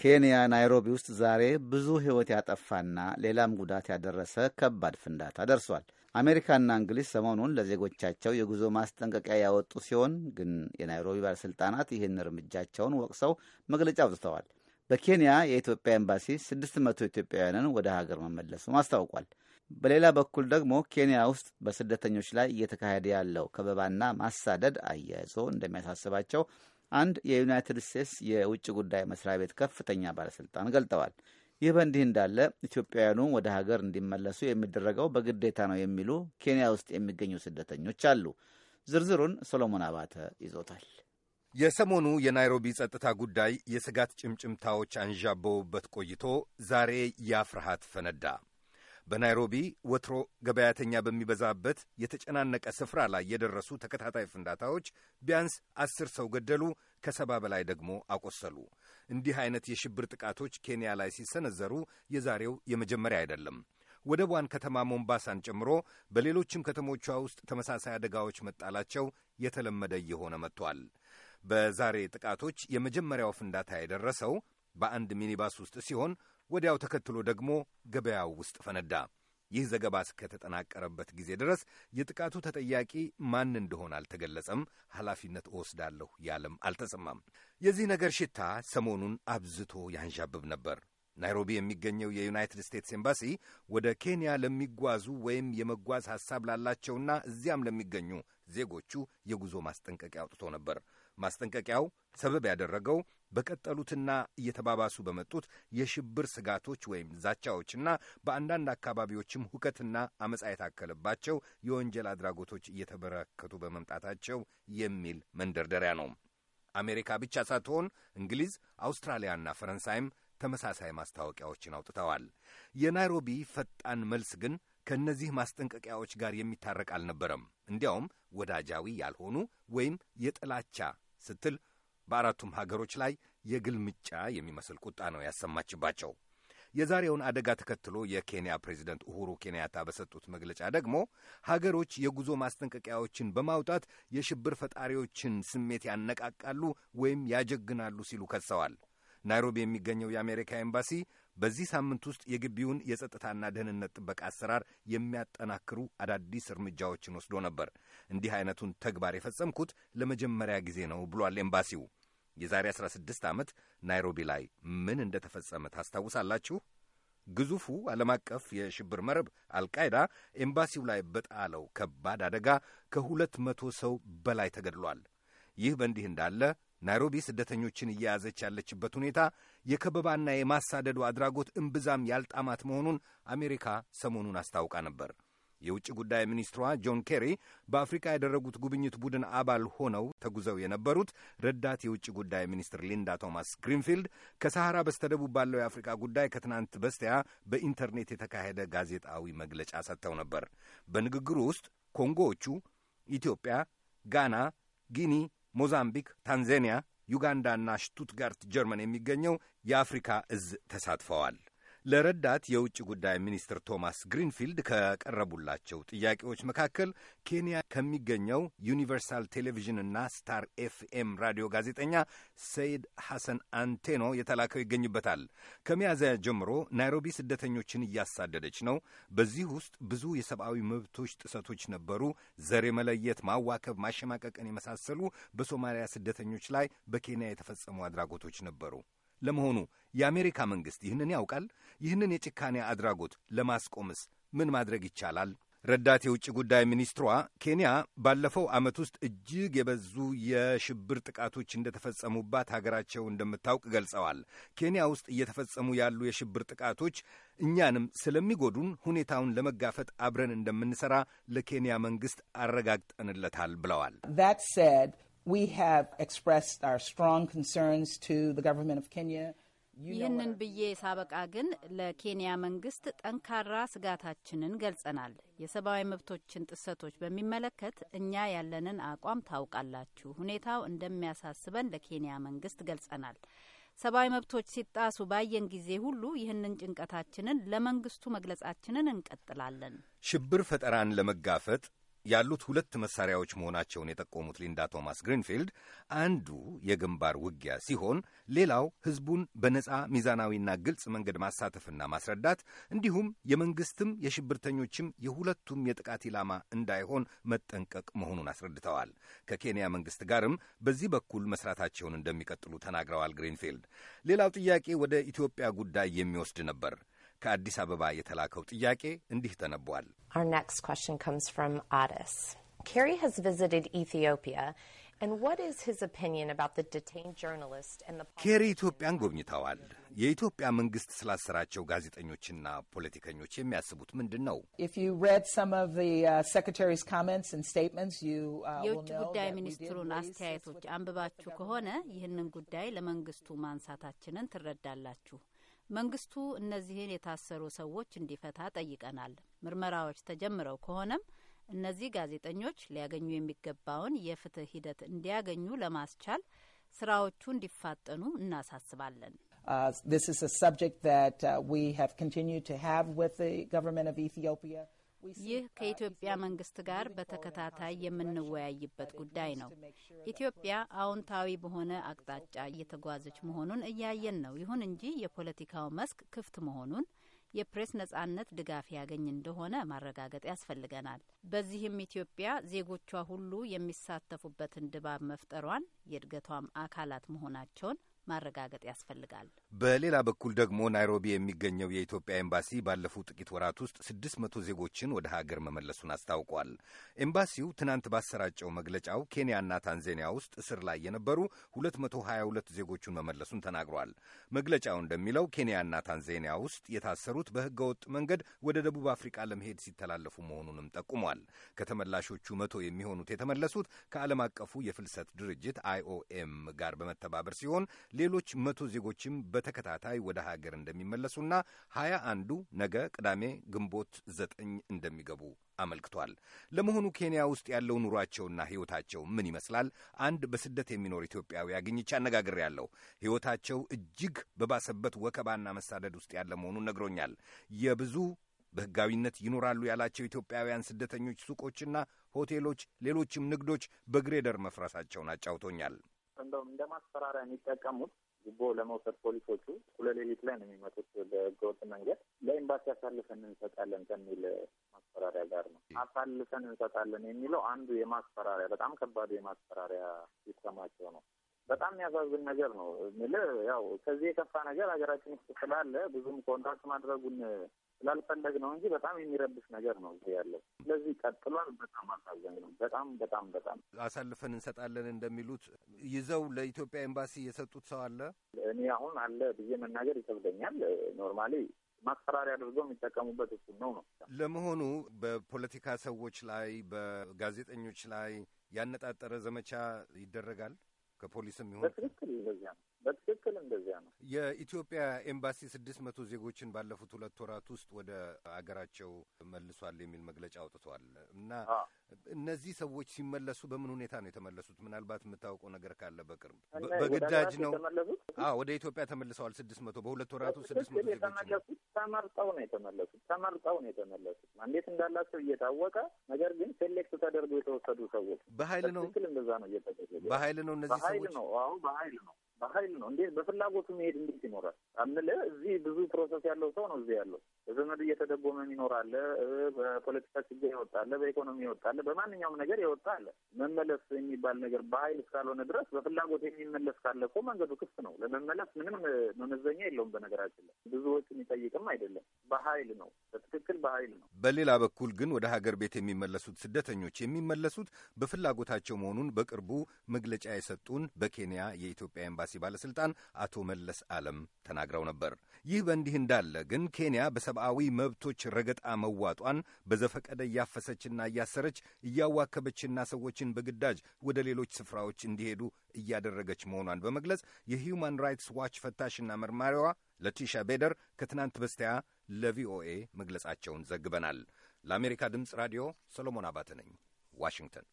ኬንያ ናይሮቢ ውስጥ ዛሬ ብዙ ሕይወት ያጠፋና ሌላም ጉዳት ያደረሰ ከባድ ፍንዳታ ደርሷል። አሜሪካና እንግሊዝ ሰሞኑን ለዜጎቻቸው የጉዞ ማስጠንቀቂያ ያወጡ ሲሆን ግን የናይሮቢ ባለሥልጣናት ይህን እርምጃቸውን ወቅሰው መግለጫ አውጥተዋል። በኬንያ የኢትዮጵያ ኤምባሲ 600 ኢትዮጵያውያንን ወደ ሀገር መመለሱም አስታውቋል። በሌላ በኩል ደግሞ ኬንያ ውስጥ በስደተኞች ላይ እየተካሄደ ያለው ከበባና ማሳደድ አያይዞ እንደሚያሳስባቸው አንድ የዩናይትድ ስቴትስ የውጭ ጉዳይ መስሪያ ቤት ከፍተኛ ባለስልጣን ገልጠዋል። ይህ በእንዲህ እንዳለ ኢትዮጵያውያኑ ወደ ሀገር እንዲመለሱ የሚደረገው በግዴታ ነው የሚሉ ኬንያ ውስጥ የሚገኙ ስደተኞች አሉ። ዝርዝሩን ሶሎሞን አባተ ይዞታል። የሰሞኑ የናይሮቢ ጸጥታ ጉዳይ የስጋት ጭምጭምታዎች አንዣበውበት ቆይቶ ዛሬ ያ ፍርሃት ፈነዳ። በናይሮቢ ወትሮ ገበያተኛ በሚበዛበት የተጨናነቀ ስፍራ ላይ የደረሱ ተከታታይ ፍንዳታዎች ቢያንስ አስር ሰው ገደሉ፣ ከሰባ በላይ ደግሞ አቆሰሉ። እንዲህ አይነት የሽብር ጥቃቶች ኬንያ ላይ ሲሰነዘሩ የዛሬው የመጀመሪያ አይደለም። ወደቧን ከተማ ሞምባሳን ጨምሮ በሌሎችም ከተሞቿ ውስጥ ተመሳሳይ አደጋዎች መጣላቸው የተለመደ እየሆነ መጥቷል። በዛሬ ጥቃቶች የመጀመሪያው ፍንዳታ የደረሰው በአንድ ሚኒባስ ውስጥ ሲሆን ወዲያው ተከትሎ ደግሞ ገበያው ውስጥ ፈነዳ። ይህ ዘገባ እስከተጠናቀረበት ጊዜ ድረስ የጥቃቱ ተጠያቂ ማን እንደሆነ አልተገለጸም። ኃላፊነት እወስዳለሁ ያለም አልተሰማም። የዚህ ነገር ሽታ ሰሞኑን አብዝቶ ያንዣብብ ነበር። ናይሮቢ የሚገኘው የዩናይትድ ስቴትስ ኤምባሲ ወደ ኬንያ ለሚጓዙ ወይም የመጓዝ ሐሳብ ላላቸውና እዚያም ለሚገኙ ዜጎቹ የጉዞ ማስጠንቀቂያ አውጥቶ ነበር። ማስጠንቀቂያው ሰበብ ያደረገው በቀጠሉትና እየተባባሱ በመጡት የሽብር ስጋቶች ወይም ዛቻዎችና በአንዳንድ አካባቢዎችም ሁከትና አመፃ የታከለባቸው የወንጀል አድራጎቶች እየተበረከቱ በመምጣታቸው የሚል መንደርደሪያ ነው። አሜሪካ ብቻ ሳትሆን እንግሊዝ፣ አውስትራሊያና ፈረንሳይም ተመሳሳይ ማስታወቂያዎችን አውጥተዋል። የናይሮቢ ፈጣን መልስ ግን ከእነዚህ ማስጠንቀቂያዎች ጋር የሚታረቅ አልነበረም። እንዲያውም ወዳጃዊ ያልሆኑ ወይም የጥላቻ ስትል በአራቱም ሀገሮች ላይ የግልምጫ የሚመስል ቁጣ ነው ያሰማችባቸው። የዛሬውን አደጋ ተከትሎ የኬንያ ፕሬዚደንት ኡሁሩ ኬንያታ በሰጡት መግለጫ ደግሞ ሀገሮች የጉዞ ማስጠንቀቂያዎችን በማውጣት የሽብር ፈጣሪዎችን ስሜት ያነቃቃሉ ወይም ያጀግናሉ ሲሉ ከሰዋል። ናይሮቢ የሚገኘው የአሜሪካ ኤምባሲ በዚህ ሳምንት ውስጥ የግቢውን የጸጥታና ደህንነት ጥበቃ አሰራር የሚያጠናክሩ አዳዲስ እርምጃዎችን ወስዶ ነበር። እንዲህ አይነቱን ተግባር የፈጸምኩት ለመጀመሪያ ጊዜ ነው ብሏል ኤምባሲው። የዛሬ 16 ዓመት ናይሮቢ ላይ ምን እንደተፈጸመ ታስታውሳላችሁ? ግዙፉ ዓለም አቀፍ የሽብር መረብ አልቃይዳ ኤምባሲው ላይ በጣለው ከባድ አደጋ ከሁለት መቶ ሰው በላይ ተገድሏል። ይህ በእንዲህ እንዳለ ናይሮቢ ስደተኞችን እየያዘች ያለችበት ሁኔታ የከበባና የማሳደዱ አድራጎት እምብዛም ያልጣማት መሆኑን አሜሪካ ሰሞኑን አስታውቃ ነበር። የውጭ ጉዳይ ሚኒስትሯ ጆን ኬሪ በአፍሪካ ያደረጉት ጉብኝት ቡድን አባል ሆነው ተጉዘው የነበሩት ረዳት የውጭ ጉዳይ ሚኒስትር ሊንዳ ቶማስ ግሪንፊልድ ከሰሐራ በስተደቡብ ባለው የአፍሪካ ጉዳይ ከትናንት በስቲያ በኢንተርኔት የተካሄደ ጋዜጣዊ መግለጫ ሰጥተው ነበር። በንግግሩ ውስጥ ኮንጎዎቹ፣ ኢትዮጵያ፣ ጋና፣ ጊኒ ሞዛምቢክ፣ ታንዛኒያ፣ ዩጋንዳና ሽቱትጋርት ጀርመን የሚገኘው የአፍሪካ እዝ ተሳትፈዋል። ለረዳት የውጭ ጉዳይ ሚኒስትር ቶማስ ግሪንፊልድ ከቀረቡላቸው ጥያቄዎች መካከል ኬንያ ከሚገኘው ዩኒቨርሳል ቴሌቪዥን ና ስታር ኤፍኤም ራዲዮ ጋዜጠኛ ሰይድ ሐሰን አንቴኖ የተላከው ይገኝበታል። ከሚያዝያ ጀምሮ ናይሮቢ ስደተኞችን እያሳደደች ነው። በዚህ ውስጥ ብዙ የሰብአዊ መብቶች ጥሰቶች ነበሩ። ዘር መለየት፣ ማዋከብ፣ ማሸማቀቅን የመሳሰሉ በሶማሊያ ስደተኞች ላይ በኬንያ የተፈጸሙ አድራጎቶች ነበሩ። ለመሆኑ የአሜሪካ መንግሥት ይህንን ያውቃል? ይህንን የጭካኔ አድራጎት ለማስቆምስ ምን ማድረግ ይቻላል? ረዳት የውጭ ጉዳይ ሚኒስትሯ ኬንያ ባለፈው ዓመት ውስጥ እጅግ የበዙ የሽብር ጥቃቶች እንደተፈጸሙባት ሀገራቸው እንደምታውቅ ገልጸዋል። ኬንያ ውስጥ እየተፈጸሙ ያሉ የሽብር ጥቃቶች እኛንም ስለሚጎዱን ሁኔታውን ለመጋፈጥ አብረን እንደምንሰራ ለኬንያ መንግስት አረጋግጠንለታል ብለዋል። We have expressed our strong concerns to the government of Kenya. ይህንን ብዬ ሳበቃ ግን ለኬንያ መንግስት ጠንካራ ስጋታችንን ገልጸናል። የሰብአዊ መብቶችን ጥሰቶች በሚመለከት እኛ ያለንን አቋም ታውቃላችሁ። ሁኔታው እንደሚያሳስበን ለኬንያ መንግስት ገልጸናል። ሰብአዊ መብቶች ሲጣሱ ባየን ጊዜ ሁሉ ይህንን ጭንቀታችንን ለመንግስቱ መግለጻችንን እንቀጥላለን። ሽብር ፈጠራን ለመጋፈጥ ያሉት ሁለት መሳሪያዎች መሆናቸውን የጠቆሙት ሊንዳ ቶማስ ግሪንፊልድ አንዱ የግንባር ውጊያ ሲሆን፣ ሌላው ህዝቡን በነፃ ሚዛናዊና ግልጽ መንገድ ማሳተፍና ማስረዳት እንዲሁም የመንግስትም የሽብርተኞችም የሁለቱም የጥቃት ኢላማ እንዳይሆን መጠንቀቅ መሆኑን አስረድተዋል። ከኬንያ መንግስት ጋርም በዚህ በኩል መስራታቸውን እንደሚቀጥሉ ተናግረዋል። ግሪንፊልድ ሌላው ጥያቄ ወደ ኢትዮጵያ ጉዳይ የሚወስድ ነበር። ከአዲስ አበባ የተላከው ጥያቄ እንዲህ ተነቧል። ኬሪ ኢትዮጵያን ጎብኝተዋል። የኢትዮጵያ መንግሥት ስላሰራቸው ጋዜጠኞችና ፖለቲከኞች የሚያስቡት ምንድን ነው? Uh, uh, የውጭ ጉዳይ ሚኒስትሩን አስተያየቶች አንብባችሁ ከሆነ ይህንን ጉዳይ ለመንግስቱ ማንሳታችንን ትረዳላችሁ። መንግስቱ እነዚህን የታሰሩ ሰዎች እንዲፈታ ጠይቀናል። ምርመራዎች ተጀምረው ከሆነም እነዚህ ጋዜጠኞች ሊያገኙ የሚገባውን የፍትህ ሂደት እንዲያገኙ ለማስቻል ስራዎቹ እንዲፋጠኑ እናሳስባለን። Uh, this is a subject that uh, we have continued to have with the government of Ethiopia. ይህ ከኢትዮጵያ መንግስት ጋር በተከታታይ የምንወያይበት ጉዳይ ነው። ኢትዮጵያ አዎንታዊ በሆነ አቅጣጫ እየተጓዘች መሆኑን እያየን ነው። ይሁን እንጂ የፖለቲካው መስክ ክፍት መሆኑን የፕሬስ ነጻነት ድጋፍ ያገኝ እንደሆነ ማረጋገጥ ያስፈልገናል። በዚህም ኢትዮጵያ ዜጎቿ ሁሉ የሚሳተፉበትን ድባብ መፍጠሯን የእድገቷም አካላት መሆናቸውን ማረጋገጥ ያስፈልጋል። በሌላ በኩል ደግሞ ናይሮቢ የሚገኘው የኢትዮጵያ ኤምባሲ ባለፉት ጥቂት ወራት ውስጥ ስድስት መቶ ዜጎችን ወደ ሀገር መመለሱን አስታውቋል። ኤምባሲው ትናንት ባሰራጨው መግለጫው ኬንያና ታንዛኒያ ውስጥ እስር ላይ የነበሩ ሁለት መቶ ሀያ ሁለት ዜጎቹን መመለሱን ተናግሯል። መግለጫው እንደሚለው ኬንያና ታንዛኒያ ውስጥ የታሰሩት በህገወጥ መንገድ ወደ ደቡብ አፍሪቃ ለመሄድ ሲተላለፉ መሆኑንም ጠቁሟል። ከተመላሾቹ መቶ የሚሆኑት የተመለሱት ከዓለም አቀፉ የፍልሰት ድርጅት አይኦኤም ጋር በመተባበር ሲሆን ሌሎች መቶ ዜጎችም በተከታታይ ወደ ሀገር እንደሚመለሱና ሀያ አንዱ ነገ ቅዳሜ ግንቦት ዘጠኝ እንደሚገቡ አመልክቷል። ለመሆኑ ኬንያ ውስጥ ያለው ኑሯቸውና ሕይወታቸው ምን ይመስላል? አንድ በስደት የሚኖር ኢትዮጵያዊ አግኝቼ ያለው ሕይወታቸው እጅግ በባሰበት ወከባና መሳደድ ውስጥ ያለ መሆኑን ነግሮኛል። የብዙ በሕጋዊነት ይኖራሉ ያላቸው ኢትዮጵያውያን ስደተኞች ሱቆችና ሆቴሎች፣ ሌሎችም ንግዶች በግሬደር መፍረሳቸውን አጫውቶኛል። እንደውም እንደ ማስፈራሪያ የሚጠቀሙት ጉቦ ለመውሰድ ፖሊሶቹ ሁለሌሊት ላይ ነው የሚመጡት በህገወጥ መንገድ። ለኤምባሲ አሳልፈን እንሰጣለን ከሚል ማስፈራሪያ ጋር ነው። አሳልፈን እንሰጣለን የሚለው አንዱ የማስፈራሪያ በጣም ከባዱ የማስፈራሪያ ሲስተማቸው ነው። በጣም የሚያሳዝን ነገር ነው። ምል ያው ከዚህ የከፋ ነገር ሀገራችን ውስጥ ስላለ ብዙም ኮንትራክት ማድረጉን ስላልፈለግ ነው እንጂ በጣም የሚረብሽ ነገር ነው እዚህ ያለው። ስለዚህ ቀጥሏል። በጣም አሳዘኝ ነው። በጣም በጣም በጣም አሳልፈን እንሰጣለን እንደሚሉት ይዘው ለኢትዮጵያ ኤምባሲ የሰጡት ሰው አለ። እኔ አሁን አለ ብዬ መናገር ይከብደኛል። ኖርማሊ ማስፈራሪያ አድርገው የሚጠቀሙበት እሱ ነው ነው። ለመሆኑ በፖለቲካ ሰዎች ላይ በጋዜጠኞች ላይ ያነጣጠረ ዘመቻ ይደረጋል ከፖሊስም ይሁን በትክክል እንደዚያ ነው በትክክል እንደዚያ ነው። የኢትዮጵያ ኤምባሲ ስድስት መቶ ዜጎችን ባለፉት ሁለት ወራት ውስጥ ወደ አገራቸው መልሷል የሚል መግለጫ አውጥቷል እና እነዚህ ሰዎች ሲመለሱ በምን ሁኔታ ነው የተመለሱት? ምናልባት የምታውቀው ነገር ካለ በቅርብ በግዳጅ ነው? አዎ ወደ ኢትዮጵያ ተመልሰዋል። ስድስት መቶ በሁለት ወራት ውስጥ ስድስት መቶ ዜጎች ተመርጠው ነው የተመለሱት። ተመርጠው ነው የተመለሱት። እንዴት እንዳላቸው እየታወቀ ነገር ግን ሴሌክት ተደርጎ የተወሰዱ ሰዎች በሀይል ነው። ትክክል እንደዛ ነው። እየተደረገ በሀይል ነው። እነዚህ ሰዎች ነው። አዎ በሀይል ነው። በሀይል ነው እንዴት በፍላጎቱ መሄድ እንዴት ይኖራል አምለ እዚህ ብዙ ፕሮሰስ ያለው ሰው ነው እዚህ ያለው በዘመድ እየተደጎመ ይኖራለ በፖለቲካ ችግር ይወጣለ በኢኮኖሚ ይወጣለ በማንኛውም ነገር ይወጣለ መመለስ የሚባል ነገር በሀይል እስካልሆነ ድረስ በፍላጎት የሚመለስ ካለ እኮ መንገዱ ክፍት ነው ለመመለስ ምንም መመዘኛ የለውም በነገራችን ላይ ብዙዎች የሚጠይቅም አይደለም በሀይል ነው በትክክል በሀይል ነው በሌላ በኩል ግን ወደ ሀገር ቤት የሚመለሱት ስደተኞች የሚመለሱት በፍላጎታቸው መሆኑን በቅርቡ መግለጫ የሰጡን በኬንያ የኢትዮጵያ ኤምባ ኤምባሲ ባለሥልጣን አቶ መለስ ዓለም ተናግረው ነበር። ይህ በእንዲህ እንዳለ ግን ኬንያ በሰብአዊ መብቶች ረገጣ መዋጧን በዘፈቀደ እያፈሰችና እያሰረች እያዋከበችና ሰዎችን በግዳጅ ወደ ሌሎች ስፍራዎች እንዲሄዱ እያደረገች መሆኗን በመግለጽ የሂዩማን ራይትስ ዋች ፈታሽና መርማሪዋ ለቲሻ ቤደር ከትናንት በስቲያ ለቪኦኤ መግለጻቸውን ዘግበናል። ለአሜሪካ ድምፅ ራዲዮ ሰሎሞን አባተ ነኝ ዋሽንግተን።